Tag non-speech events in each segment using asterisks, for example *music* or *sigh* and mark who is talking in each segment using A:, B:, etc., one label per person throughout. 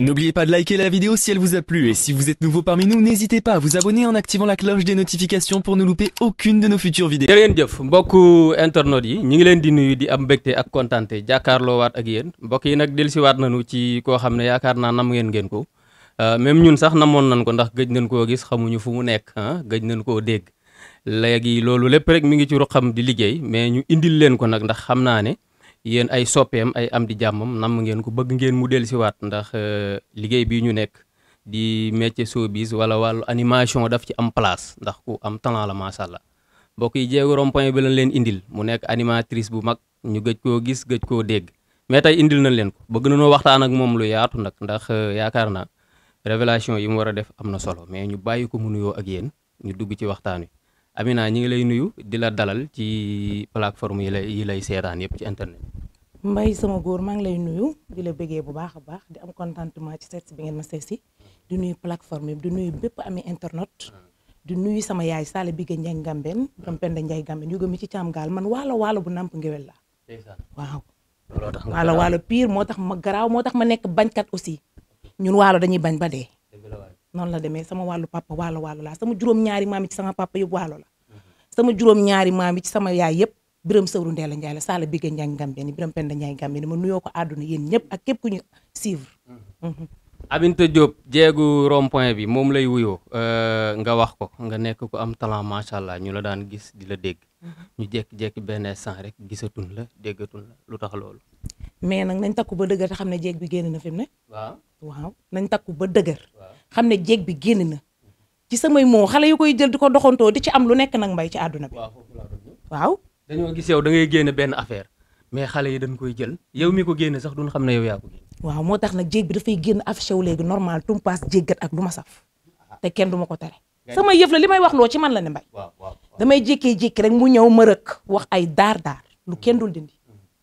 A: N'oubliez pas de liker la vidéo si elle vous a plu et si vous êtes nouveau parmi nous, n'hésitez pas vous abonner en activant la cloche des notifications pour ne louper aucune de nos futures vidéos. jërë
B: jëf mbokku internautes yi ñu ngi leen di nuyu di am mbégte ak kontaante jàkkaarloowaat ak yéen mbokk yi nag dellusiwaat nañu ci koo xam ne yaakaar naa nam ngeen ngeen ko euh, même ñun sax namoon nañ ko ndax gëj nañ koo gis xamuñu fu mu nekk ah gëj nañ koo dégg léegi loolu lépp rek mi ngi ci ruqam di liggéey mais ñu indil leen ko nag ndax xam naa ne yéen ay soppeem ay am di jàmmam namm ngeen ko bëgg ngeen mu dellusiwaat ndax euh, liggéey bii ñu nekk di métier showbiz wala wàllu animation daf ci am place ndax ku am talent la macha allah mbokk yi jéego rond bi lañ leen indil mu nekk animatrice bu mag ñu gëj koo gis gëj koo dégg mais tey indil nañ leen ko bëgg nañoo waxtaan ak moom lu yaatu nag ndax euh, yaakaar na révélation yi mu war a def am na solo mais ñu bàyyi ko mu nuyoo ak yéen ñu dugg ci waxtaan wi. Amina ñi ngi lay nuyu di la dalal ci plateforme yi lay yi lay seetaan yëpp ci internet.
C: mbay sama góor maa ngi lay nuyu di la bëggee bu baax a baax di am contentement ci seet bi ngeen ma seet si di nuyu plateforme yëpp di nuyu bépp ami internet. di nuyu sama yaay Sale Bigué Ndiaye Ngambeen Dom Penda Ndiaye Ngambeen yu mi ci caam gaal man waalo waalo bu namp ngewel la waaw waalo waalo pire moo tax ma garaaw moo tax ma nekk bañkat aussi ñun waalo dañuy bañ ba dee noonu la demee sama wàllu papa waalo waalo laa sama juróom-ñaari maam yi ci sama papa yëpp waalo la sama juróom-ñaari maam yi ci sama yaay yëpp biram sëwru ndeela njaay la saala bigga njaay gambe ni biram penda njaay gambe ni ma nuyoo ko àdduna yéen ñëpp ak képp ku ñu suivre mm-hmm.
B: Aminta Diop jeegu rond bi moom lay wuyoo euh, nga wax ko nga nekk ko am talent macha allah ñu la daan gis di la dégg mm-hmm. ñu jékki-jékki benn instant rek gisatun la déggatun lu tax loolu
C: mais nag nañ takku ba dëgër te ne jeeg bi génn na fi mu ne ba dëgër xam ne jéeg bi génn na ci samay moom xale yu koy jël di ko doxantoo di ci am lu nekk nag mbay ci àdduna bi waaw
B: dañoo gis yow da ngay génn benn affaire mais xale yi dañ koy jël yow mi ko génn sax dun xam ne yow yaa ko génn
C: waaw moo tax nag jéeg bi dafay génn affiché wu léegi normal tumpaas jéggat ak lu ma saf te kenn du ko tere sama yëf la li may wax loo ci man la ne mbay damay jékkee-jékki rek mu ñëw ma rëkk wax ay daar daar lu kenn dul dindi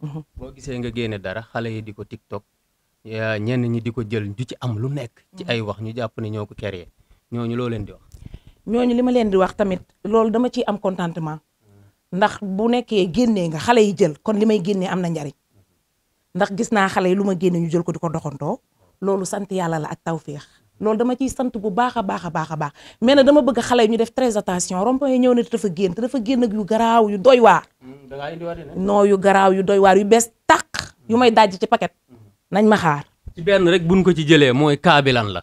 B: mm-hmm. boo gisee nga génne dara xale yi di ko tiktok ñenn ñi di ko jël du ci am lu nekk. ci ay wax ñu jàpp ne ñoo ko créé ñooñu loo leen di wax.
C: ñooñu li ma leen di wax tamit loolu dama ciy am contentement ndax bu nekkee génnee nga xale yi jël kon li may génnee am na njariñ ndax gis naa xale yi lu ma génne ñu jël ko loolu sant yàlla la ak tawféex loolu dama ciy sant bu baax a baax a baax a baax mais nag dama bëgg xale yi ñu def très attention rond-point yi ñëw ne te dafa génn te dafa génn ak yu garaaw yu doy waar.
B: Hmm,
C: non yu garaaw yu doy waar yu bees tàq yu may dajj ci paquet. nañ ma xaar.
B: ci benn rek buñ ko ci jëlee mooy cas lan la.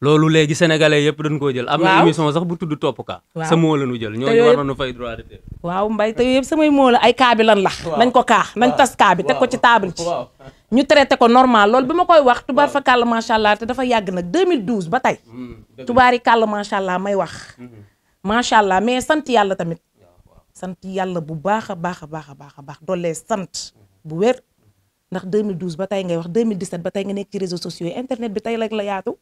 B: loolu léegi sénégalais yëpp dañ koo jël. am na émission sax bu tudd topp ka sa moo la ñu jël ñooñu waroon na fay
C: droit de waaw mbay te yooyu yëpp samay moo ay cas lan la. nañ ko kaax nañ tas cas bi teg ko ci table ci ñu traité ko normal loolu bi ma koy wax tubaar fa kàll macha allah te dafa yàgg nag 2012 ba tey. yi mm, kàll macha allah may wax. Mm-hmm. macha allah mais sant yàlla tamit. sant yàlla bu baax a baax a baax a baax a baax doole sant bu wér. ndax 2012 ba tey ngay wax 2017 ba tey nga nekk ci réseaux sociaux yi internet bi tey rek la yaatu.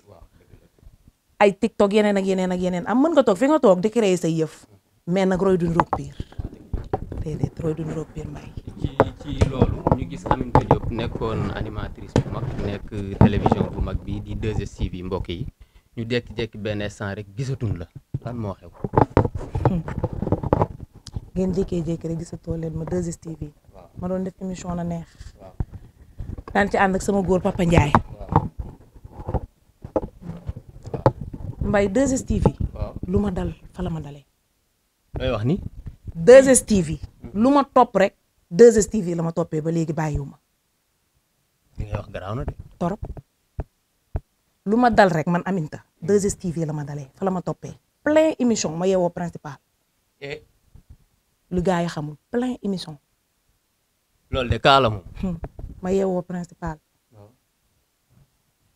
C: ay TikTok yeneen ak yeneen ak yeneen am mën nga toog fi nga toog di créer say yëf. mais nag roy du nduróog piir déedéet roy du nduróog piir mbay.
B: ci ci loolu ñu gis Aminata Diop nekkoon animatrice bu mag nekk télévision bu mag bi di 2 yi mbokk yi ñu jékki-jékki benn instant rek gisatuñ la lan moo xew.
C: Hmm. ngeen jékki rek gisatoo leen ma ma doon def émission na neex. daan ci ànd ak sama góor Papa Ndiaye. mbay 2STV. lu ma dal fa la ma dalee. looy wax ni. 2STV. lu ma topp rek 2STV la ma toppee ba léegi bàyyiwuma. li nga wax torop lu ma dal rek man Aminta 2STV la ma dalee fa la ma toppee plein émission ma yeewoo principal. E? lu gars yi xamul plein émission.
B: loolu de kaala
C: ma yeewoo principal.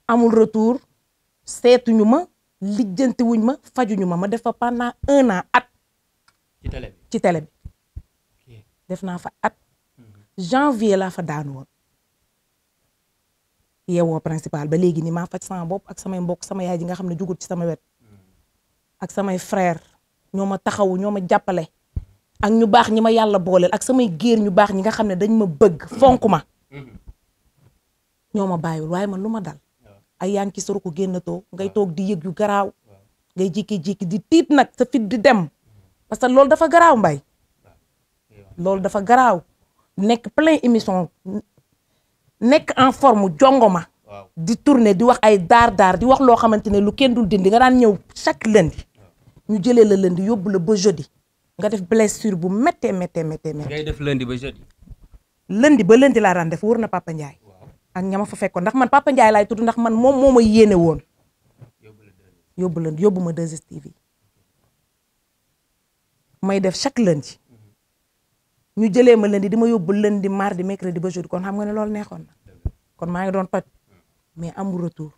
C: amul retour seetuñu ma lijjantiwuñ ma fajuñu ma ma def fa pendant un an at. ci télé bi def naa fa at. Mhm. janvier laa fa daanu woon yeewoo principal ba léegi ni maa faj sama bopp ak samay mbokk sama yaay ji nga xam ne jugul ci sama wet. Mhm. ak samay frère ñoo ma taxawu ñoo ma jàppale. ak ñu baax ñi ma yàlla booleel ak samay géer ñu baax ñi nga xam ne dañ ma bëgg fonk ma. Mm-hmm. ñoo ma bàyyiwul waaye ma lu ma dal ay yaa ngi ci soro ko génnatoo ngay toog di yëg yu garaaw ngay jékki-jékki di tiit nag sa fit di dem mm-hmm. parce que loolu dafa garaaw mbay loolu dafa garaaw nekk plein émission nekk en forme jongoma di tourner di wax ay daar daar di wax loo xamante ne lu kenn dul dindi nga daan ñëw chaque lundi ñu jëlee la lundi yóbbu la ba jeudi nga def blessure bu méttee méttee méttee méttee.
B: ngay def lundi ba
C: lëndi ba lëndi laa daan def wër na Papa Ndiaye ak ña ma fa fekkoon ndax man Papa Ndiaye laay tudd ndax man moom moo ma yéene woon yóbbu lënd yóbbu ma 2STV may def chaque lundi mm-hmm. ñu jëlee ma lundi di ma yóbbu lundi mardi mercredi ba jeudi kon xam nga ne loolu neexoon na kon maa ngi doon toj mm. mais amul retour.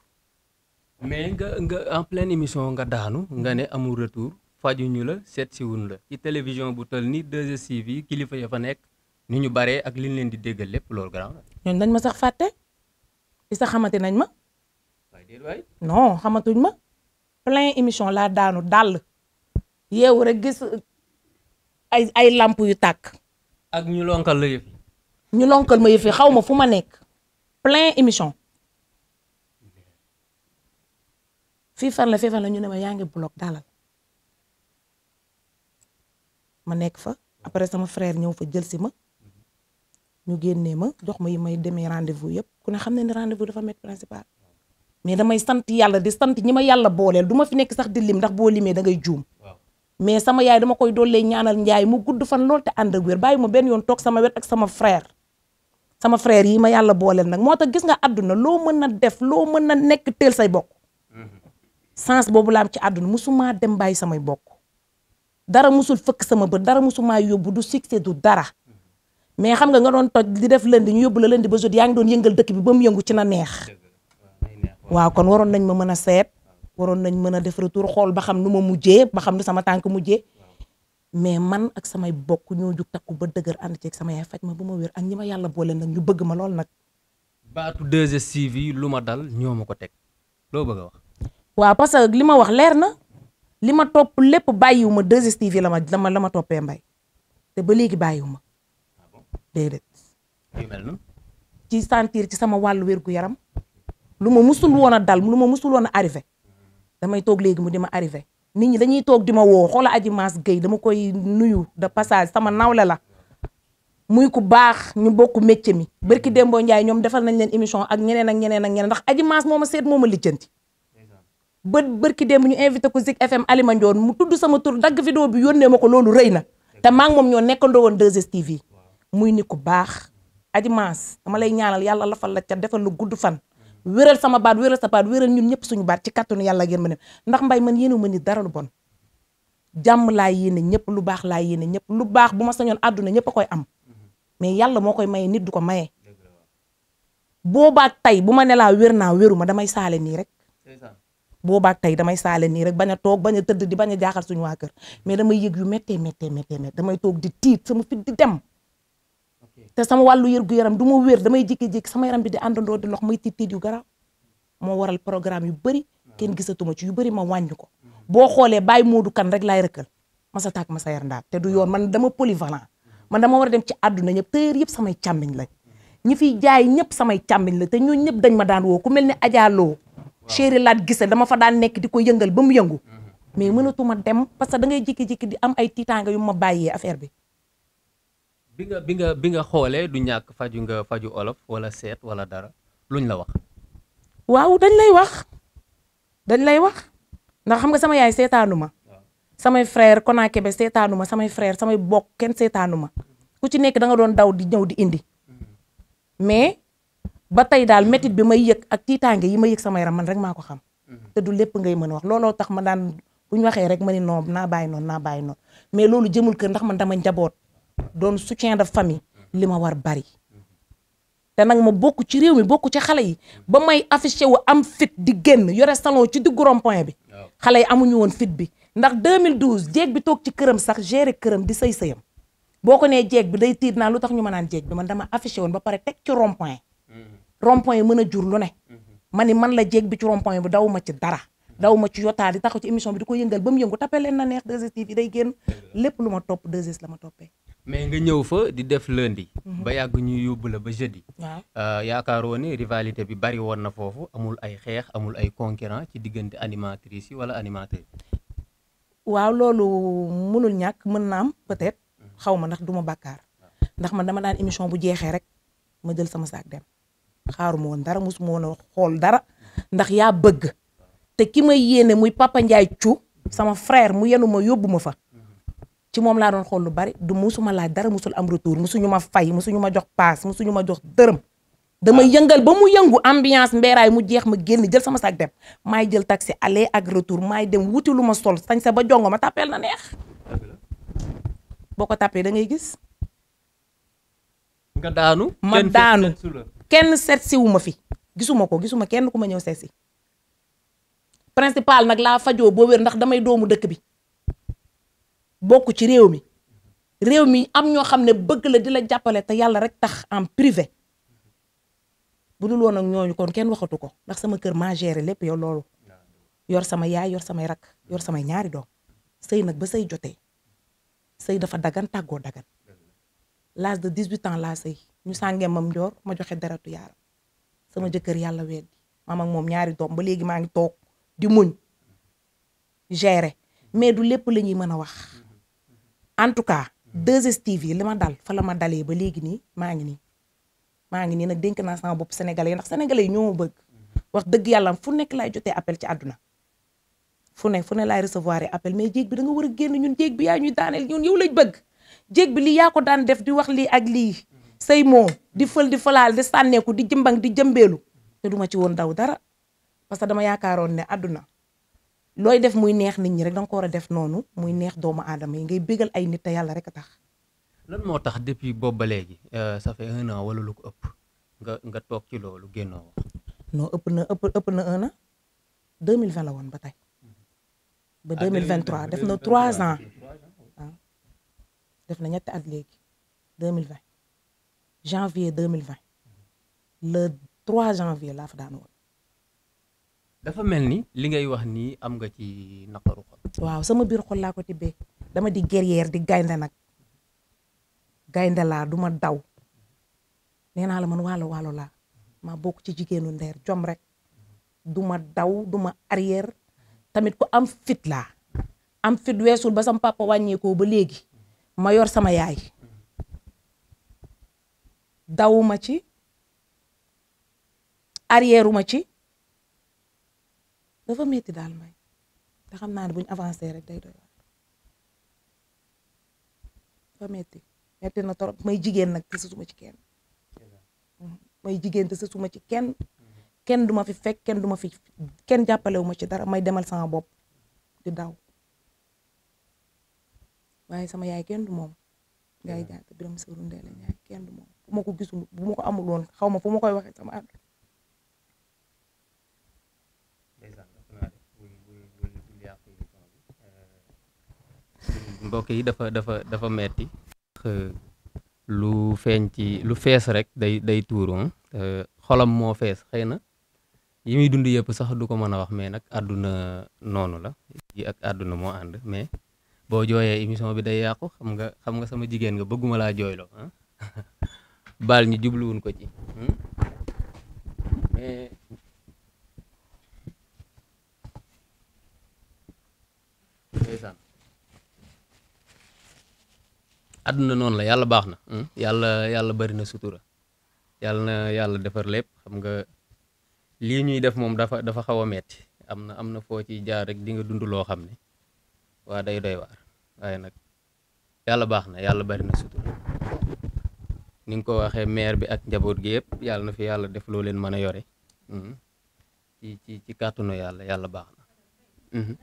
B: mais nga nga en pleine émission nga daanu nga ne amul retour fajuñu la seet si wuñ la ci télévision bu toll ni 2STV kilifa ya fa nekk. ni ñu baree ak li leen di déggal lépp loolu garaaw na.
C: dañ ma sax fàtte li sax xamante nañ ma. waaye non xamatuñ ma. plein émission laa daanu dàll. yeewu rek gis ay ay yu tàkk.
B: ak ñu lonkal la yëf.
C: ñu lonkal ma yëf xaw ma fu ma nekk. plein émission. fii fan la fii fan la ñu ne ma yaa ngi bloc dalal. ma nekk fa après sama frère ñëw fa jël si ma. ñu génnee ma jox ma yi may demee rendez-vous yëpp ku ne xam ne ni rendez-vous dafa met principal mais damay sant yàlla di sant ñi ma yàlla booleel du ma fi nekk sax di lim ndax boo limee da ngay juum mais sama yaay dama koy dollee ñaanal njaay mu gudd fan lool te ànd ak wér bàyyi ma benn yoon toog sama wet ak sama frère sama frère yi ma yàlla booleel nag moo tax gis nga àdduna loo mën a def loo mën a nekk teel say bokk mm-hmm. sens boobu la am ci àdduna musumaa dem bàyyi samay bokk dara musul fëkk sama bët dara musumaa yóbbu du succès du dara mais xam nga nga doon toj di def lundi ñu yóbbu la lundi ba jeudi yaa ngi doon yëngal dëkk bi ba mu yëngu ci na neex waaw kon waroon nañ ma mën a seet waroon nañ mën a def retour xool ba xam nu ma mujjee ba xam nu sama tànk mujjee mais man ak samay bokk ñoo jug takku ba dëgër ànd ceeg sama yaay faj ma ba ma wér ak ñi ma yàlla boole nag ñu bëgg ma lool nag.
B: baatu 2STV yi lu ma dal ñoo ma ko teg loo bëgg a wax.
C: waaw parce que li ma wax leer na li ma topp lépp bàyyiwu ma 2STV la ma la ma toppee mbay te ba léegi bàyyiwu ma déedéet. ci santir ci sama wàllu wérgu yaram lu ma musul woon a dal lu ma musul woon a arrivé damay toog léegi mu di ma arrivé nit ñi dañuy toog di ma woo xoola aji maas Guèye dama koy nuyu de passage sama nawle la muy ku baax ñu bokk métier mi barki Dembo Ndiaye ñoom defal nañ leen émission ak ñeneen ak ñeneen ak ñeneen ndax aji maas moo ma seet moo ma lijjanti ba barki Demb ñu invité ko Zik FM Alima Ndione mu tudd sama tur dagg vidéo bi yónnee ma ko loolu rëy na te maa ñoo nekkandoo woon 2STV muy ni ku baax aji maas dama lay ñaanal yàlla lafal la ca defal lu gudd fan wéral sama baat wéral sa baat wéral ñun ñëpp suñu baat ci kàttanu yàlla ak yërmande ndax mbay man yéenu ma ni dara lu bon jàmm laa yéene ñëpp lu baax laa yéene ñëpp lu baax bu ma sañoon àdduna ñëpp a koy am mais yàlla moo koy maye nit du ko maye boobaag tey bu ma ne laa wér naa wéru ma damay saale nii rek boobaag tey damay saale nii rek bañ a toog bañ a tëdd di bañ a jaaxal suñu waa kër mais damay yëg yu méttee méttee méttee damay toog di tiit sama fit di dem te sama wàllu yër gu yaram du ma wér damay jékki-jékki sama yaram bi di àndandoo di lox may tiit tiit yu garaaw moo waral programme yu bëri kenn gisatuma ci yu bëri ma wàññi ko boo xoolee bàyyi moodu kan rek laay rëkkal ma sa tàkk ma sa yar ndaat te du yoon man dama polyvalent man dama war a dem ci àdduna ñëpp tëyër yëpp samay càmmiñ lañ ñi fiy jaay ñëpp samay càmmiñ la te ñoo ñëpp dañ ma daan woo ku mel ne ajaaloo chéri laat gise dama fa daan nekk di ko yëngal ba mu yëngu mm-hmm. mais mënatuma dem parce que da ngay jékki-jékki di am ay tiitaanga yu ma bàyyee affaire bi
B: bi nga bi nga bi nga xoolee du ñàkk faju nga faju olof wala seet wala dara luñ la wax.
C: waaw dañ lay wax dañ lay wax ndax xam nga sama yaay seetaanu ma. samay frère Konaké be seetaanu ma samay frère samay bokk kenn seetaanu ma ku ci nekk da nga doon daw di ñëw di indi. Hmm. mais ba tey daal métit bi may yëg ak tiitaange yi ma yëg sama yaram man rek maa ko xam. Hmm. te du lépp ngay mën a wax looloo tax ma daan bu waxee rek ma ni non naa bàyyi noonu naa bàyyi noonu mais loolu jëmul kër ndax man dama njaboot. don soutien de famille li ma war bari te nag ma bokk ci réew mi bokk ci xale yi ba may affiché wu am fit di génn yore salon ci diggu rond-point bi xale am ñu woon fit bi ndax 2012 jeeg bi toog ci këram sax gérer këram di say sëyam boo ko nee jeeg bi day tiit naa lu tax ñu ma naan jeeg bi man dama affiché woon ba pare teg ci rond-point mm-hmm. mën a jur lu ne mm-hmm. ma ni man la jeeg bi ci rond-point bi daw ma ci dara mm-hmm. daw ma ci yotaa di taxaw ci émission bi di ko ba mu yëngu tapé leen na neex 2STV day génn lépp lu ma topp 2 la ma toppee
B: mais nga ñëw fa di def lundi. Mhm. ba yàgg ñu yóbbu la ba jeudi. waaw euh, yaakaaroo ne rivalité bi bari woon na foofu amul ay xeex amul ay concurrent ci diggante animatrice yi wala animateur
C: waaw loolu mënul ñàkk mën naa am peut-être mhm. xaw ma ndax du ma bàkkaar ndax man dama daan émission bu jeexee rek ma jël sama saak dem xaaruma woon dara mosuma woon a xool dara ndax yaa bëgg te ki may yéene muy Papa Ndiaye cu sama frère mu yenu ma yóbbu ma fa. ci moom laa doon xool lu bari du musuma laaj dara musul am retour suñu ma fay musuñu ma jox paas suñu ma jox dërëm. dama ah. yëngal ba mu yëngu ambiance mbeeraay mu jeex ma génn jël sama sac dem maay jël taxi aller ak retour maay dem wuti ma sol sañ sa ba jongo ma tàppeel na neex boo ko tàppee da gis. nga daanu. ma daanu kenn seet si ma fi. gisuma ko gisuma kenn ku ma ñëw seet si. principal nag laa fajoo boo wér ndax damay doomu dëkk bi bokk ci réew mi réew mi am ñoo xam ne bëgg la di la jàppale te yàlla rek tax en privé bu dul nag ak ñooñu kon kenn waxatu ko ndax sama kër maa géré lépp yow loolu yor sama yaay yor samay rak yor sama ñaari doom sëy nag ba sëy jotee sëy dafa dagan tàggoo dagan l'âge de 18 ans laa sëy ñu sàngee mam njoor ma joxe deretu yaaram sama jëkkër yàlla weddi maam ak moom ñaari doom ba léegi maa ngi toog di muñ gérer mais du lépp lañuy ñuy mën a wax en tout cas 2STV yi li ma dal fa la ma dalee ba léegi nii maa ngi nii maa ngi nii nag dénk naa sama bopp sénégalais ndax sénégalais yi ñoo bëgg wax dëgg yàlla fu nekk laay jote appel ci àdduna fu ne fu ne laay recevoir appel mais jéeg bi da nga war a génn ñun jéeg bi yaa ñuy daaneel ñun yow lañ bëgg jéeg bi lii yaa ko daan def di wax lii ak lii say moo di fël di falaal di sànneeku di jëmbang di jëmbeelu te duma ci woon daw dara parce que dama yaakaaroon ne àdduna looy def muy neex nit ñi rek danga nga ko war a def noonu muy neex doomu aadama yi ngay bégal ay nit te yàlla rek a tax.
B: lan moo tax depuis boobu ba léegi euh, ça fait un an wala lu ko ëpp nga nga toog ci loolu génnoo.
C: noo ëpp na ëpp ëpp na un an 2020 la woon ba tey. ba 2023 ah, def na 3 ans waaw na ñetti at léegi 2020 janvier 2020 le 3 janvier laa fa daan woon.
B: dafa mel ni li ngay wax nii am nga ci naqaru xol.
C: waaw sama biir xol laa ko ti tibbee dama di guerrière di gaynde nag gaynde laa du ma daw nee naa la man waalo waalo laa ma bokk ci jigéenu ndeer jom rek du ma daw du ma arrière tamit ku am fit laa am fit weesul ba sama papa wàññeekoo ba léegi ma yor sama yaay dawuma ci arrière ci. dafa metti daal may te xam naa ne bu ñu rek day doy waar dafa metti metti na torop may jigéen nag te sësuma ci kenn may jigéen te sësuma ci kenn mm-hmm. kenn du ma fi fekk kenn du ma fi kenn jàppalewu ma ci dara may demal sama bopp di daw waaye sama yaay kenn du moom ngay jaata biram sëru ndee la yaay kenn du moom bu ma ko gisul bu ma ko amul woon xaw ma fu ma koy waxee sama àdduna
B: mbokk yi dafa dafa dafa metti euh, lu feeñ ci lu fees rek day day tuuru euh, xolam moo fees xëy na yi muy dund yëpp sax du ko mën a wax mais nag àdduna noonu la yi ak àdduna moo ànd mais boo jooyee émission bi day yàqu xam nga xam nga sama jigéen nga bëgguma laa jooyloo ah *laughs* baal ñu jubluwun ko ci mais ndeysaan àdduna noonu la yàlla baax na hmm? yàlla yàlla bari na sutura yàlla na yàlla defar lépp xam nga lii ñuy def moom dafa dafa xaw a metti am na am na foo ci jaar rek di nga dund loo xam ne waa day doy waar waaye nag yàlla baax na yàlla bari na sutura ni nga ko waxee maire bi ak njaboot gi yëpp yàlla na fi yàlla def loo leen mën a yore hmm? ci ci ci kàttanu yàlla yàlla baax na hmm?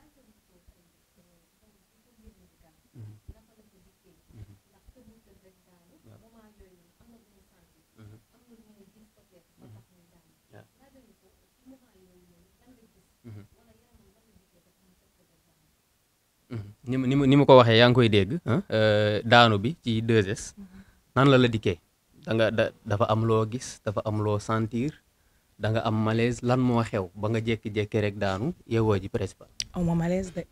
B: ni mu ni mu ni mu ko waxee yaa ngi koy dégg euh, daanu bi ci 2S mm-hmm. nan la la dikkee da nga da dafa am loo gis dafa am loo sentir da nga am malaise lan moo xew ba nga jékki-jékki rek daanu yeewoo ji principal.
C: aw ma malaise de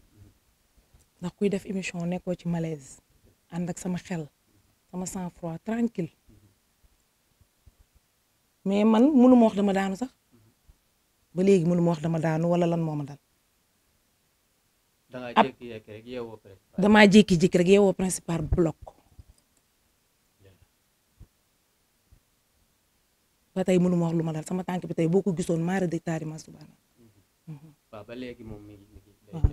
C: ndax kuy def émission nekkoo ci malaise ànd ak sama xel sama sang froid tranquille mais man mënu ma wax dama daanu sax mm-hmm. ba léegi mënu ma wax dama daanu wala lan moo ma dal.
B: ab damaa
C: jékki-jékki rek yeewoo principal bloc ba tey mënu ma wax lu ma dal sama tànk bi tey boo ko gisoon maara de ma subana
B: waaw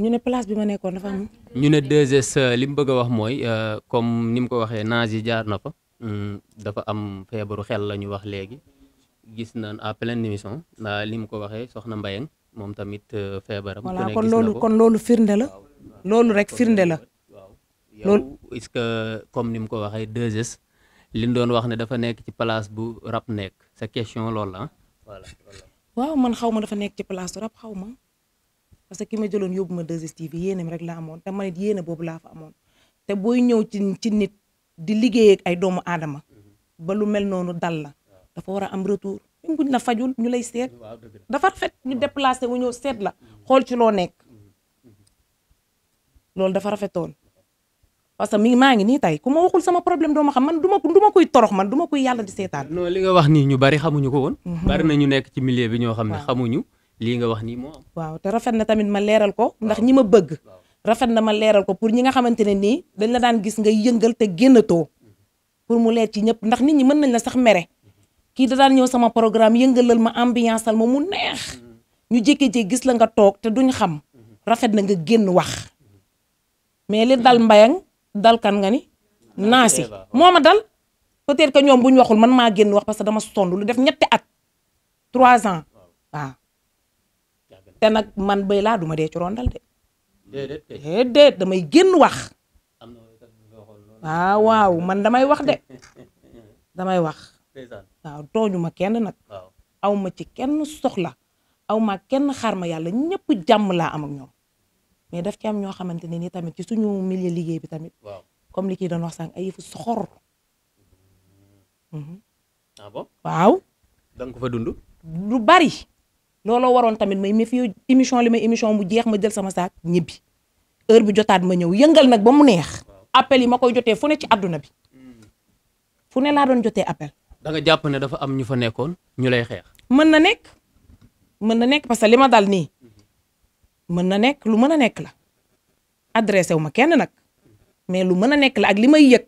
C: ñu ne place bi ma nekkoon dafa am.
B: ñu ne 2S euh, li mu bëgg a wax mooy euh, comme ni mu ko waxee naas yi jaar na fa. Mm, dafa am feebaru xel lañu wax léegi gis nañ à pleine émission li mu ko waxee soxna Mbayang moom tamit euh, feebaram. ku ko kon loolu kon
C: firnde la. loolu rek firnde la.
B: loolu est que comme ni mu ko waxee 2 li ñu doon wax ne dafa nekk ci place bu rab nekk sa question loolu la
A: voilà.
C: waaw man xaw ma dafa nekk ci place rab xaw ma parce que ki ma jëloon yóbbu ma 2STV yéeneem rek la amoon te man it yéene boobu laa fa amoon te booy ñëw ci ci nit di liggéey ay doomu aadama mhm. ba lu mel noonu dal la dafa war a am retour même buñ la fajul ñu lay seet dafa rafet ñu déplacé wu ñëw seet la mhm. xool ci loo nekk mhm. loolu dafa rafetoon parce que mi ngi maa ngi nii tey ku ma waxul sama problème doo xam man du ma du ma koy torox man du ma koy yàlla di seetaan. non li nga
B: wax nii ñu bari xamuñu ko woon. Mhm. bari na ñu nekk ci milieu bi ñoo xam ne xamuñu lii nga wax nii moom
C: waaw te rafet na tamit ma leeral ko. ndax ñi ma bëgg. rafet na ma leeral ko pour ñi nga xamante ne nii dañ la daan gis nga yëngal te génnatoo pour mu leer ci ñëpp ndax nit ñi mën nañ la sax mere kii da daan ñëw sama programme yëngalal ma ambiance al ma mu neex ñu jékkee-jékki gis la nga toog te duñ xam mhm. rafet na nga génn wax mais li dal mbayang dal kan nga ni naasi moom ma dal peut-être que ñoom bu ñu waxul man maa génn wax parce que dama sonn lu def ñetti at trois ans waaw te nag man bay laa duma dee ci rondal
A: de
C: damay génn wax waaw waaw man damay wax de damay wax waaw tooñu ma kenn nag aw ci kenn soxla aw ma kenn xaar ma yàlla ñépp jàmm laa am ak ñoom mais daf ci am ñoo xamante ne ni tamit ci suñu millier liggéey bi tamit. waaw comme li kii doon wax sànq ay yëfu soxor.
A: Mm-hmm. Mm-hmm.
B: ah bon waaw. da nga ko fa dund.
C: lu bari. looloo waroon tamit may ma fi émission li ma émission mu jeex ma jël sama saak ñibbi heure bi jotaat ma ñëw yëngal nag ba mu neex. appel yi ma koy jotee fu ne ci àdduna bi. Mm. fu ne laa doon jotee appel.
B: danga jàpp ne dafa am ñu fa nekkoon ñu lay xeex.
C: mën na nekk mën na nekk parce que li ma dal nii. mën na nekk lu mën a nekk la adressé wu ma kenn nag mais lu mën a nekk la ak li may yëg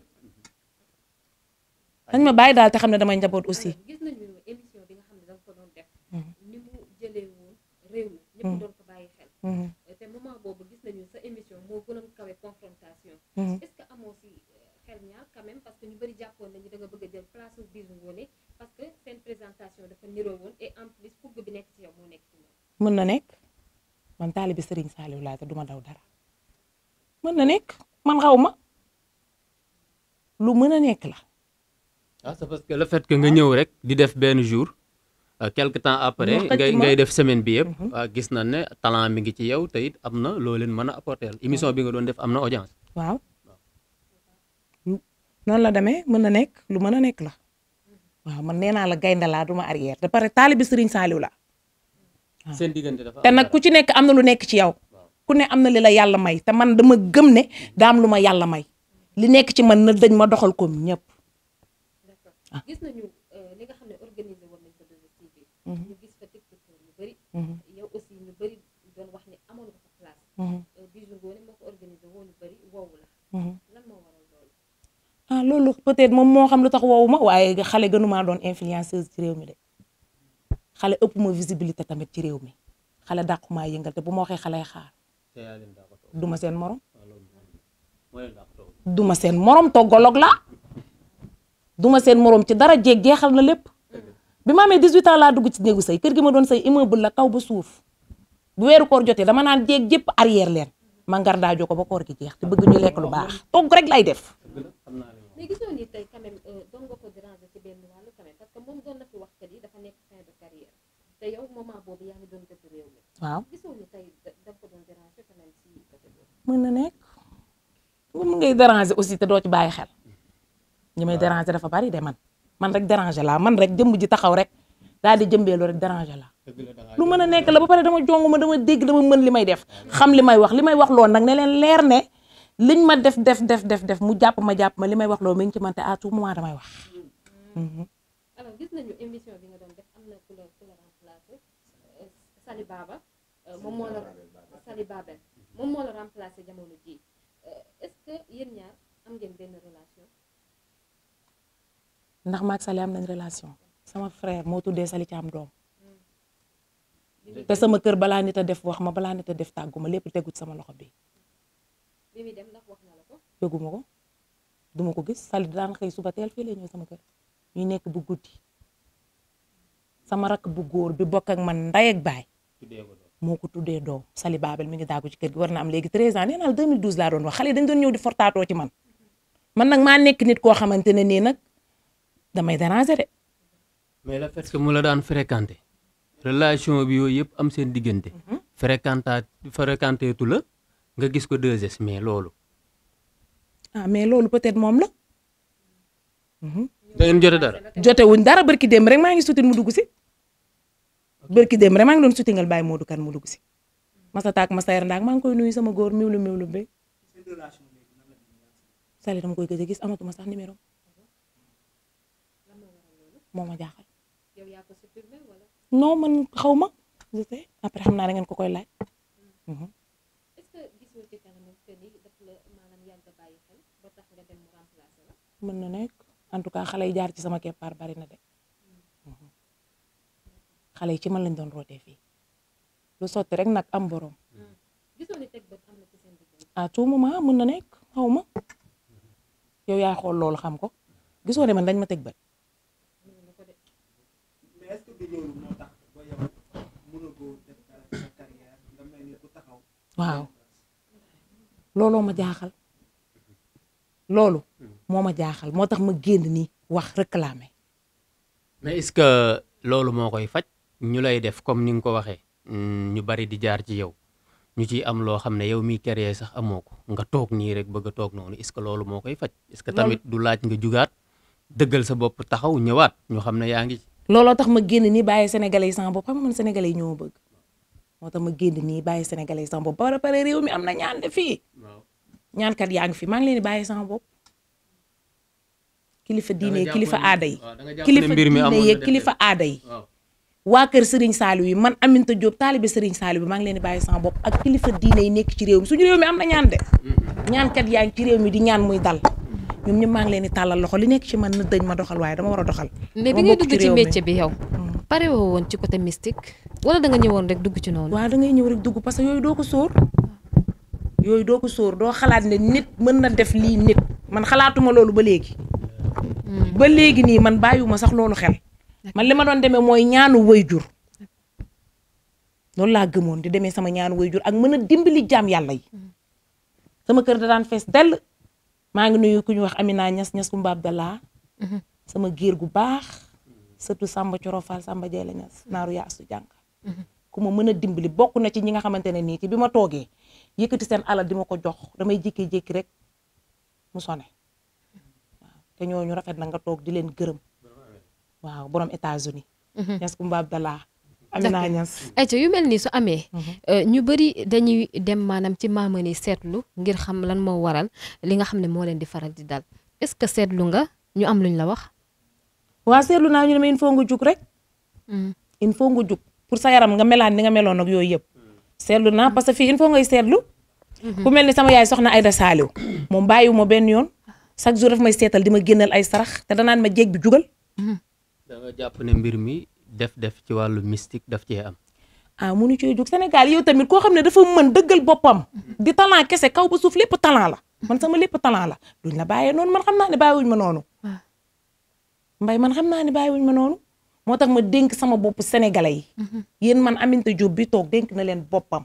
C: dañ ma bàyyi daal te xam ne damay njaboot aussi.
D: gis nañu émission bi nga xam ne da nga ko doon def. Mm-hmm. ni mu jëlee woon réew mi. ñëpp mm-hmm. doon ko bàyyi xel. Mm-hmm. te boobu gis nañu sa émission moo gënoon kawe confrontation. est-ce que amoo si euh, xel ñaar quand même parce que ñu bëri jàppoon nañu danga nga bëgg a jël place bi ngoone parce que seen présentation dafa niroo woon et en plus fugg bi nekk ci yow moo nekk ci moom.
C: mën na nekk. taalibe Serigne Saliou laa te du ma daw dara mën na nekk man xaw ma lu mën a nekk la.
B: Ah, le fait que ñëw rek di def benn jour euh, quelque temps après. ngay def semaine bi yëpp. Mhm. gis na ne talent mi ngi ci yow te it am na loo leen mën a apporter bi nga doon def am na audience.
C: waaw la demee mën na nekk lu mën a nekk la waaw man nee naa la gaynde laa du ma arrière de pare taalibe Serigne Saliou
B: seen diggante dafa te nag
C: ku ci nekk am na lu nekk ci yow. ku ne am na li la yàlla may te man dama gëm ne daam lu ma yàlla may li nekk ci man na dañ ma doxal koom ñëpp.
D: gis nañu euh, li nga xam ne organisé woon nañ ko mhm. mhm. doon TV.
C: Mhm. Euh, loolu. ah loolu moom moo xam lu tax woowu ma waaye xale gënumaa doon influenceuse ci réew mi de. xale ëpp ma visibilité tamit ci réew mi xale dàqu maa yëngal te bu ma waxee xale xaar du ma seen morom
A: ah,
C: du ma seen morom golog la duma seen morom ci dara jeeg jeexal na lépp bi ma amee 18 ans laa dugg ci néegu say kër gi ma doon say ma bul la kaw ba suuf bu weeru koor jotee dama naan jéeg jépp arrière leen ma ngar daajoo ko ba koor gi jeex te bëgg ñu lekk lu baax togg rek lay def.
D: te yow moment boobu yaa ngi
C: na nekk mun ngay déranger aussi te doo ci bàyyi xel. ñi may déranger dafa bari de man man rek déranger laa man rek jëmm ji taxaw rek daal di jëmbeelu rek déranger laa. lu mën a nekk la ba pare dama jonguma dama dégg dama mën li may def. xam li may wax li may wax loolu nag ne leen leer ne liñ ma def def def def def mu jàpp ma jàpp ma li may wax loo mi ngi ci man te à tout moment damay wax. Mm.
D: Mhm. ku euh, la jamono ji euh, est-ce que yéen ñaar am ngeen benn relation
C: ndax maag Sali am nañ relation sama frère moo tuddee Sali Thiam doom hmm. te sama kër balaa nit a def wax ma balaa nit a def tàggu ma lépp tegut sama loxo bi bi ko duma ko gis Sali daan xëy suba teel fii lay ñëw sama kër ñuy nekk bu guddi sama rakk bu góor bi bokk ak man ndey baay moo ko tuddee doo Sali Babel mu ngi daagu ci kër gi war na am léegi 13 ans nee naa la 2012 laa doon wax xale yi dañ doon ñëw di fortaatoo ci man man nag maa nekk nit koo xamante ne nii nag damay déranger de.
B: mais le fait que mu la daan fréquenter relation bi yooyu yëpp am seen diggante. Mhm. fréquentat fréquenté tu la nga gis ko 2S mais loolu.
C: ah mais loolu peut-être moom la. Mhm. da ngeen jote dara. jote wuñ dara barki démb rek maa ngi suutin mu dugg si. bërki dem rek maa ngi doon sutingal bàyyi Modou Kane mu dugg si. Massa Taak Massa Yer Ndaak maa ngi koy nuyu sama góor miwlu miwlu bi. Sali dama koy gëj a gis amatuma sax moo ma jaaxal. non man xaw ma. après xam naa da ngeen ko koy laaj. Hmm. Mhm. mën na nekk en tout cas xale yi jaar ci sama keppaar bari na de. xale yi ci man lañ doon rootee fii lu sotti rek nag am boroom à tout moment mën na nekk xaw ma yow yaa xool loolu xam ko gisoo ne man dañ ma teg bët. waaw looloo ma jaaxal loolu moo ma jaaxal moo tax ma génn nii wax réclamer.
B: mais est-ce que loolu moo koy faj. ñu lay def comme ni nga ko waxee mm, ñu bari di jaar ci yow ñu ci am loo xam ne yow miy créé sax amoo ko nga toog nii rek bëgg a toog noonu est-ce que loolu moo koy faj. est que tamit du laaj nga jugaat dëggal sa bopp taxaw ñëwaat ñu xam ne yaa ngi
C: looloo tax ma génn nii bàyyi sénégalais yi sama bopp xam nga man sénégalais moo tax ma génn nii bàyyi sénégalais yi sama bopp ba pare réew mi am na ñaan de fii. ñaankat yaa ngi fi maa ngi leen di bàyyi sama bopp. kilifa diine kilifa aada yi. kilifa diine yeeg kilifa aada yi. waa kër Serigne Saliou yi man Aminta Diop taalibe Serigne Saliou bi maa ngi leen di bàyyi sama bopp ak kilifa diine yi nekk ci réew mi suñu réew mi am na ñaan de mm-hmm. ñaankat yaa ngi ci réew mi di ñaan muy dal mm-hmm. ñoom ñëpp maa ngi leen di tàllal loxo li nekk ci man na dëñ ma doxal waaye dama war a doxal mais bi ngay dugg ci métier bi yow
D: mm. woon ci côté mystique wala da nga ñëwoon rek dugg ci noonu waaw dangay ngay ñëw
C: rek dugg parce que yooyu doo ko sóor yooyu doo ko sóor doo xalaat ne nit mën na def lii nit man xalaatuma loolu ba léegi mm. ba léegi nii man bàyyiwuma sax loolu xel man li ma doon demee mooy ñaanu wayjur loolu laa gëmoon di demee sama ñaanu jur ak mën a dimbali jaam yàlla yi sama kër da daan fees dell maa ngi nuyu ku ñu wax Amina Niass Niass Kumba Abdallah mhm. sama géer gu baax sërtu Samba Corofal Samba Jeela Niass naaru yaasu jàng mhm. ku ma mën a dimbali bokk na ci ñi nga xamante ne nii ci bi ma toogee yëkkati seen alal di ma ko jox damay jékki-jékki rek mu sone te ñoo ñu rafet na nga toog di leen gërëm waaw borom États-Unis Niass mhm. Koumba Abdallah
D: Amina Niass ayca yu mel nii su amee mhm. euh, ñu bëri dañuy dem maanaam ci maamani seetlu ngir xam lan moo waral li nga xam ne moo leen di faral di dal est-ce que seetlu nga ñu am luñ la wax waa seetlu naa ñu ne ma nga jug rek mm. il faut nga jug
C: pour sa yaram nga melaan ni nga meloon ak yooyu yëpp seetlu naa parce que fii il faut ngay seetlu mhm. ku mel ni sama yaay soxna Aïda Saliou moom bàyyiwu ma benn yoon chaque jour daf may seetal di ma génnal ay sarax te danaan ma jéeg bi jugal
B: da jàpp ne mbir mi def-def ci wàllu mystique daf cee am.
C: ah munu cee jóg Sénégal yow tamit koo xam ne dafa mën dëggal boppam. di talent kese kaw ba suuf lépp talent la. man sama lépp talent la duñ la bàyyee noonu man xam naa ne bàyyiwuñ ma noonu. mbay man xam naa ne bàyyiwuñ ma noonu. moo tax ma dénk sama bopp sénégalais yi. Mhm. yéen man Aminta Diop bi toog dénk na leen boppam.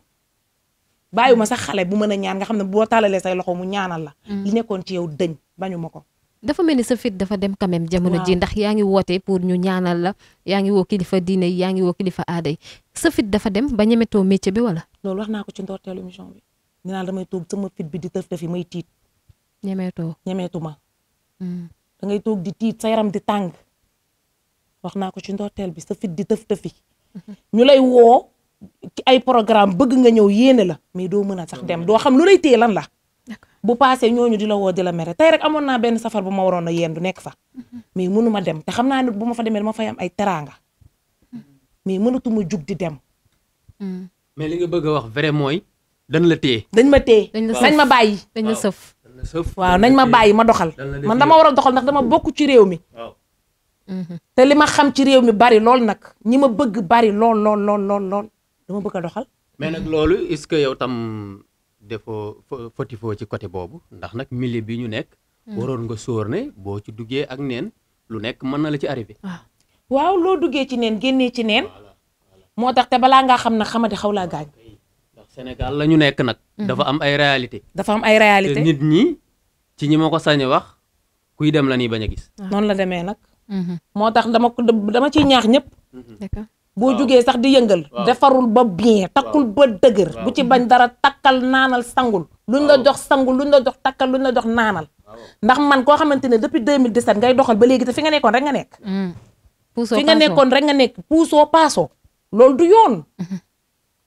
C: ma sax xale bu mën a ñaan nga xam ne boo talalee say loxo mu ñaanal la. Mhm. li nekkoon ci yow dëñ bañu ma ko.
D: dafa mel ni sa fit dafa dem quand même jamono ji ndax yaa ngi woote pour ñu ñaanal la yaa ngi woo kilifa diine yi yaa ngi woo kilifa aada yi sa fit dafa dem ba ñemetoo métier bi wala
C: loolu wax naa ci ndorteelu émission bi nee naa damay toog sama bi di tëf tëf yi may tiit ñemeetoo ñemeetuma hmm. da ngay toog di tiit sa yaram di tàng wax naa ko ci ndorteel bi sa fit di tëf tëfi *laughs* ñu lay woo ci ay programme bëgg nga ñëw yéene la mais doo mën a sax dem hmm. doo xam lu lay téye lan la bu paasee ñooñu di la woo di la mere tey rek amoon naa benn safar bu ma waroon a yendu nekk fa mais mënu dem te xam naa ne bu ma fa demee dama fay am ay teraanga mais mënatuma jug di dem.
B: mais li nga bëgg a wax vrai mooy dañ la téye. dañ
C: ma téye nañ ma bàyyi. dañ la sëf waaw nañ ma bàyyi ma doxal. man dama war a doxal ndax dama bokk ci réew mi. te li ma xam ci réew mi bari lool nag ñi ma bëgg bari lool lool lool lool dama bëgg a doxal.
B: mais nag loolu est-ce yow tam. defoo fotifoo ci côté boobu ndax nag milieu bi ñu nekk
A: hmm.
C: waroon
B: nga sóor ne boo ci duggee ak neen lu nekk mën na la ci arrivé
C: ah. waaw loo duggee ci neen génnee ci neen moo tax te balaa ngaa xam na xamadi xaw laa gaañ
B: ndax Sénégal la ñu nekk nag hmm. dafa am ay réalité dafa am ay réalité nit ñi ci ñi ma ko sañ wax kuy dem la nii bañ a gis
C: ah. noonu la demee nag hmm. moo tax dama ciy ñaax ñëpp boo jugee sax di yëngal defarul ba bien takkul ba dëgër bu ci bañ dara takkal naanal sangul luñ la jox sangul luñ la jox takkal luñ la jox naanal ndax man koo xamante ne depuis 2017 ngay doxal ba léegi te fi nga nekkoon rek nga nekk mm. nga nekkoon rek nga nekk puusoo paasoo loolu du yoon *laughs*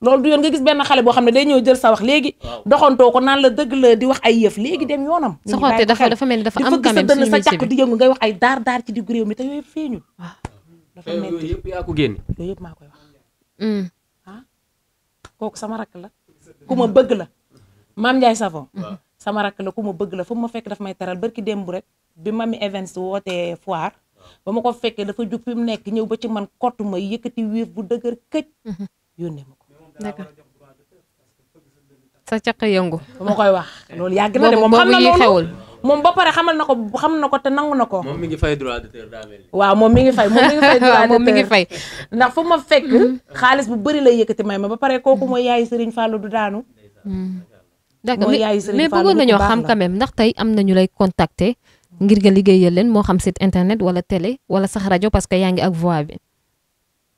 C: lool du yoon nga gis benn xale boo xam ne day ñëw jël sa wax léegi doxantoo ko naan la dëgg la di wax ay yëf léegi dem yoonam soxote dafa dafa mel ni dafa am quand même sa dënn sa càq di yëngu ngay daar daar ci diggu réew mi te yooyu feeñul
B: dafa métti eh, yooyu yëpp yaa ko génne.
C: yooyu yëpp maa koy wax. Mm. Ah? kooku sama rakk la ku ma bëgg la maam Ndiaye Savon. Mm-hmm. sama rakk la ku ma bëgg la fu ma fekk daf may teral barki démb rek bi ma mami Evans wootee foire ba ma ko fekkee dafa jub mu nekk ñëw ba ci man kottu ma yëkkati wéef bu dëgër këj. Mm-hmm. yónnee ma ko.
D: sa caq yëngu. ba ma koy wax. loolu yàgg naa de moom xam na loolu xewul.
C: moom ba pare xamal na ko xam na ko te nangu na ko. moom mi ngi fay droit d'auteur
D: waaw moom mi ngi fay moom mi ngi fay
C: *laughs* moom mi ngi fay. ndax fu ma fekk. Mm-hmm. xaalis bu bëri lay yëkkati may ma ba pare kooku mooy yaayu Serigne Fallou du daanu. Mm-hmm. d'accord mais bëggoon nañoo xam quand même
D: ndax tey am na ñu lay contacter ngir nga liggéeyal leen moo xam site internet wala télé wala sax rajo parce que yaa ngi ak voix bi.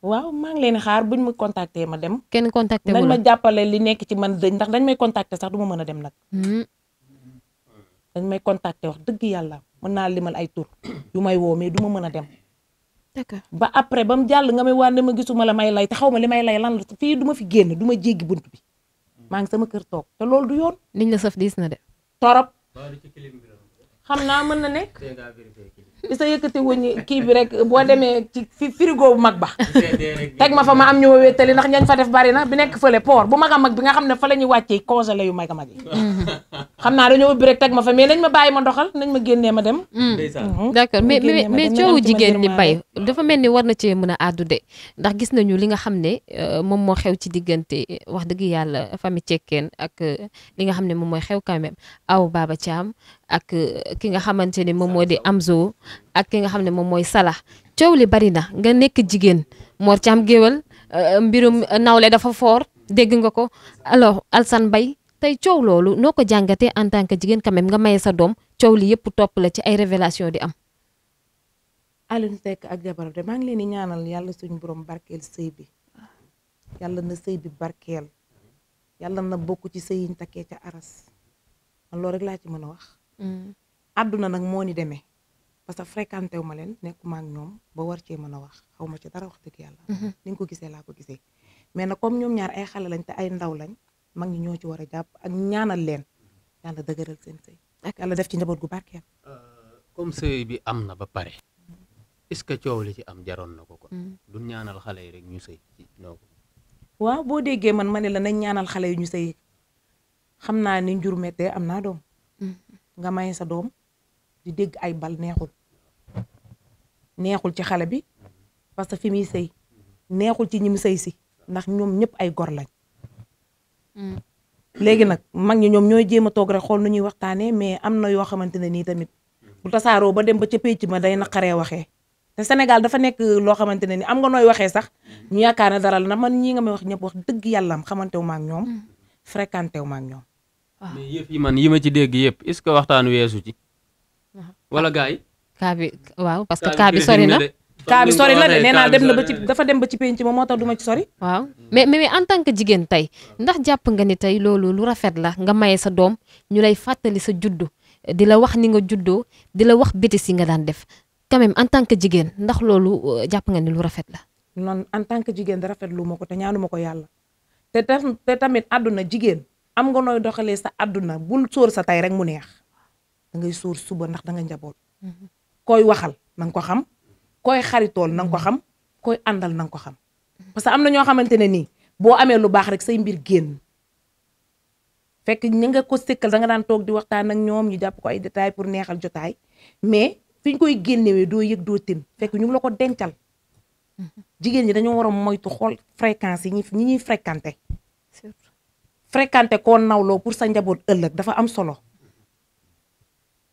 C: waaw maa ngi leen xaar buñ ma contacter ma dem. kenn contacter wu ma dañ li nekk ci man dëñ ndax dañ may contacter sax duma mën a dem nag. Mm-hmm. dañ may contacter wax dëgg yàlla mën naa limal ay tur yu may woo mais du ma mën a dem. ba après ba mu jàll nga may waa ne ma gisuma la may lay te xaw ma li may lay lan la fii du ma fi génn du ma jéggi bunt bi maa ngi sama kër toog te loolu du yoon. niñ la saf diis na de. torop. xam naa mën na nekk. bi sa yëkkati wuñ kii bi rek boo demee ci frigo bu mag ba teg ma fa ma am ñu wéttali ndax ñañ fa def bari na bi nekk fële port bu mag a mag bi nga xam ne fa la ñuy wàccee congelé yu mag a mag yi mhm. xam naa dañoo ubbi rek ma fa mais nañ ma bàyyi ma doxal nañ ma génnee ma dem mhm. Mhm. d'accord mais mais coowu jigéen ñi bay
D: dafa mel ni war na cee mën a àddu de ndax gis nañu li nga xam ne euh, moom moo xew ci diggante wax dëgg yàlla famille cekkeen ak euh, li nga xam ne moom mooy xew quand même aw Baba Thiam ak eh, ki nga xamante ni moom moo di Amzo ak ki nga xam ne moom mooy Salah coow li bari na nga nekk jigéen Mor Thiam géwal eh, mbirum eh, nawle dafa foor dégg nga ko alors Alsane Mbaye tey coow loolu noo ko jàngatee en tant que jigéen quand nga maye sa doom coow li yëpp topp la ci ay révélation di am.
C: Alioune Seck ak jabaram de maa ngi leen di ñaanal yàlla suñu borom barkeel sëy bi yàlla na sëy bi barkeel yàlla na bokk ci sëy yiñ takkee ca aras man loolu rek laa ci mën a wax. Mm. àdduna nag moo ni demee parce que fréquenté wu ma leen nekkuma ak ñoom ba war cee mën a wax xaw ma ci dara wax dëgg yàlla. Mm-hmm. ni nga ko gisee laa ko gisee. mais na comme ñoom ñaar ay xale lañ te ay ndaw lañ mag ñi ñoo ci war a jàpp ak ñaanal leen yàlla dëgëral seen sëy. ak yàlla def ci njaboot gu barkeel.
B: Euh, comme sëy bi am na ba pare. est-ce que coow li ci am jaroon na ko kon. Mm. du ñaanal xale yi rek ñu sëy ci
C: waaw boo déggee man ma ne la nañ ñaanal xale yi ñu sëy xam naa ni njur mettee am naa doom. nga may sa doom di dégg ay bal neexul neexul ci xale bi parce que fi muy sëy neexul ci ñi mu sëy si ndax ñoom ñëpp ay gor lañ. Mm. léegi nag mag ñi ñoom ñooy jéem a toog rek xool na ñuy waxtaanee mais am na yoo xamante ne nii tamit bu tasaaroo ba dem ba ca pénc ma day naqaree waxee. te Sénégal dafa nekk loo xamante ne ni am nga nooy waxee sax ñu yaakaar ne dara na man ñii nga may wax ñëpp wax dëgg yàlla am xamante ma ak ñoom. Mm. fréquenté wu ma ak ñoom. mais yëf yi man
B: yi ma ci dégg yëpp est-ce que waxtaan weesu ci.
C: wala gars yi.
D: kaa bi waaw parce que kaa bi sori na. kaa bi sori la de nee naa dem na ba ci dafa dem ba ci penc ma moo tax duma ci sori. waaw mais mais en tant que jigéen tey ndax jàpp nga ni tey loolu lu rafet la nga maye sa doom ñu lay fàttali sa juddu di la wax ni nga juddoo di la wax bitis yi nga daan def quand même en tant que jigéen ndax loolu euh, jàpp nga ni lu rafet la.
C: non en tant que jigéen rafetlu ma ko te ñaanu ma ko yàlla jigéen. am nga nooy doxalee sa àdduna bul soor sa tay rek mu neex da ngay sóor suba ndax da nga njaboot. koy waxal na ko xam koy xaritool na nga ko xam koy àndal na nga ko xam parce que am na ñoo xamante ne nii boo amee lu baax rek say mbir génn fekk ñi nga ko sëkkal da nga daan toog di waxtaan ak ñoom ñu jàpp ko ay détails pour neexal jotaay mais fi ñu koy génnewee doo yëg doo tin ñu ngi la ko dencal. Mm-hmm. jigéen ñi dañoo war a moytu xool fréquence yi ñi ñuy fréquenté. fréquenté koo nawloo pour sa njaboot ëllëg dafa am solo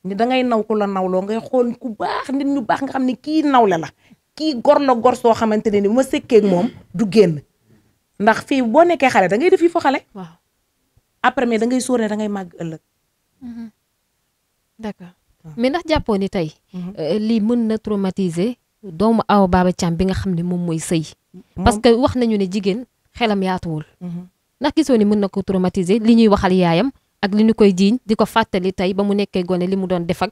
C: ni da naw ku la nawloo ngay xool ku baax nit ñu baax nga xam ne kii nawle la kii gor la gor soo xamante ne ni ma sekkeek moom du génn ndax fii boo nekkee xale da ngay def yi fo xale. waaw
D: après mais dangay ngay ne da ngay màgg ëllëg. Mm-hmm. d'accord mais ndax jàppoo ni tey. Mm-hmm. Euh, lii mën na traumatiser doomu aw Baba Thiam bi nga xam ne moom mooy sëy. parce que wax nañu ne jigéen xelam yaatuwul. Mm-hmm. ndax gisoo ni mën na ko traumatiser li ñuy waxal yaayam ak li ñu koy jiiñ di ko fàttali tey ba mu nekkee gone li mu doon def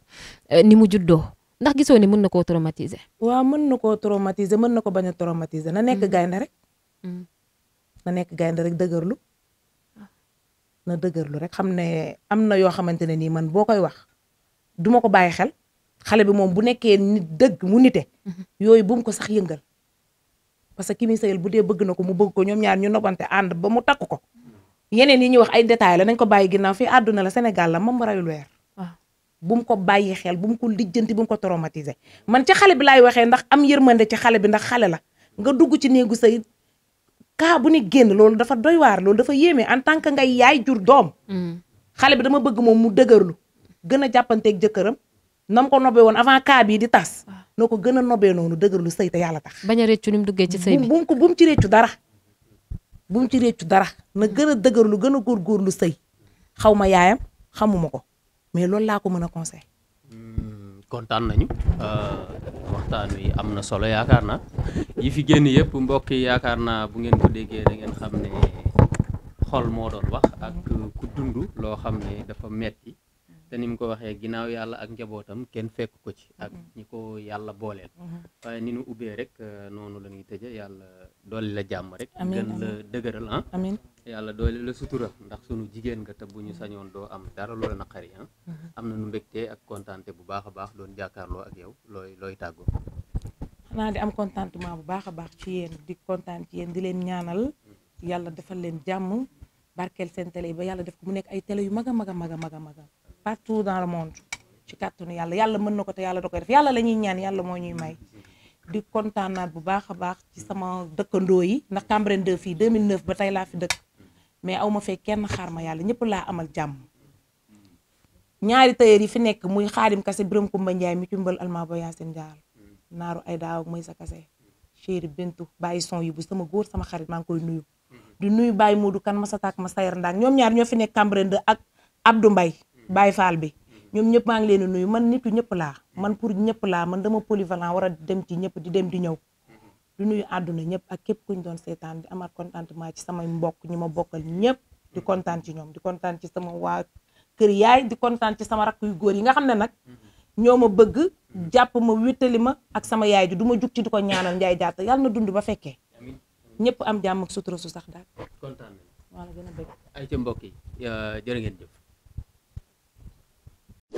D: eh, ni mu juddoo ndax gisoo ni mën na koo traumatiser.
C: waaw mën na koo traumatiser mën na ko bañ a traumatiser na nekk mm. gaynde rek. Mm. na nekk gaynde rek dëgërlu ah. na dëgërlu rek xam ne am na yoo xamante ne nii man boo koy wax duma ko bàyyi xel xale bi moom bu nekkee nit dëgg mu nite. Mm-hmm. yooyu bum ko sax yëngal. parce que ki muy bu dee bëgg na ko mu bëgg ko ñoom ñaar ñu nobante ànd ba mu takk ko yeneen yi ñuy wax ay détails la nañ ko bàyyi ginnaaw fii àdduna la Sénégal la mam rayul weer bu mu ko bàyyi xel bu mu ko lijjanti bu mu ko traumatiser man ci xale bi laay waxee ndax am yërmande ci xale bi ndax xale la nga dugg ci néegu sëy kaa bu ni génn loolu dafa doy waar loolu dafa yéeme en tant que ngay yaay jur doom mm. xale bi dama bëgg moom mu dëgër lu gën a jàppanteeg jëkkëram nam ko nobbe noo ko gën a nobee noonu dëgër lu sëy te yàlla tax. bañ
D: a réccu ni mu duggee ci sëy bi
C: bu mu ko bu ci réccu dara. bu mu ci réccu dara na gën a dëgër lu gën a góor lu sëy xaw ma yaayam xamuma ko mais loolu laa ko mën a conseil
B: hmm, kontaan nañu euh, waxtaan wi am na solo yaakaar naa yi fi génn yëpp mbokk yi yaakaar naa bu ngeen ko déggee dangeen xam ne xol moo doon wax ak ku dund loo xam ne dafa metti te ni mu ko waxee ginnaaw yàlla ak njabootam kenn fekk ko ci ak mm-hmm. ñi ko yàlla booleel mm-hmm. waaye ni nu ubbee rek euh, noonu la ñuy tëje yàlla doole la jàmm rek gën la dëgëral ah amiin yàlla dooli la sutura ndax sunu jigéen nga bu ñu sañoon doo am dara loola naqari ah. mm-hmm. am na nu mbégtee ak kontaante bu baax a baax doon jàkkaarloo ak yow looy looy tàggoo
C: xanaa di am contentement bu baax a baax ci yéen di kontaan ci yéen di leen ñaanal yàlla defal leen jàmm barkeel seen télé yi ba yàlla def ko mu nekk ay télé yu mag a mag a mag a mag a partout dans le monde ci kàttanu yàlla yàlla mën na ko te yàlla da def yàlla lañuy ñaan yàlla moo ñuy may di kontaanaat bu baax a baax ci sama dëkkandoo yi ndax Cambérène 2 fii 2009 ba tey laa fi dëkk mais aw ma fee kenn xaar ma yàlla ñëpp laa amal jàmm ñaari tailleur yi fi nekk muy xaadim kase biram kumba njaay mi ci mbal alma ba yaa seen jaar naaru ay daaw mooy sa kase chéri bintu bàyyi son yi bu sama góor sama xarit maa ngi koy nuyu di nuyu bàyyi moodu kan ma sa taak ma sa sayar ndaak ñoom ñaar ñoo fi nekk Cambérène 2 ak Abdou Mbaye Baye Fall bi ñoom ñëpp maa ngi leen di nuyu man nitu ñëpp laa man pour ñëpp laa man dama polyvalent war a dem ci ñëpp di dem di ñëw di nuyu àdduna ñëpp ak képp ku ñu doon seetaan di amaat contentement ci samay mbokk ñi ma bokkal ñëpp di kontaan ci ñoom di kontaan ci sama waa kër yaay di kontaan ci sama rakk yu góor yi nga xam ne nag ñoo ma bëgg jàpp ma wittali ma ak sama yaay du ma jug ko ñaanal njaay jaata yàlla na dund ba fekkee ñëpp am jàmm ak sutura su sax daal
A: kontaan
B: yi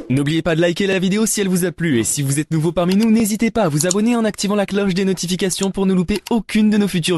A: N'oubliez pas de liker la vidéo si elle vous a plu et si vous êtes nouveau parmi nous, n'hésitez pas à vous abonner en activant la cloche des notifications pour ne louper aucune de nos futures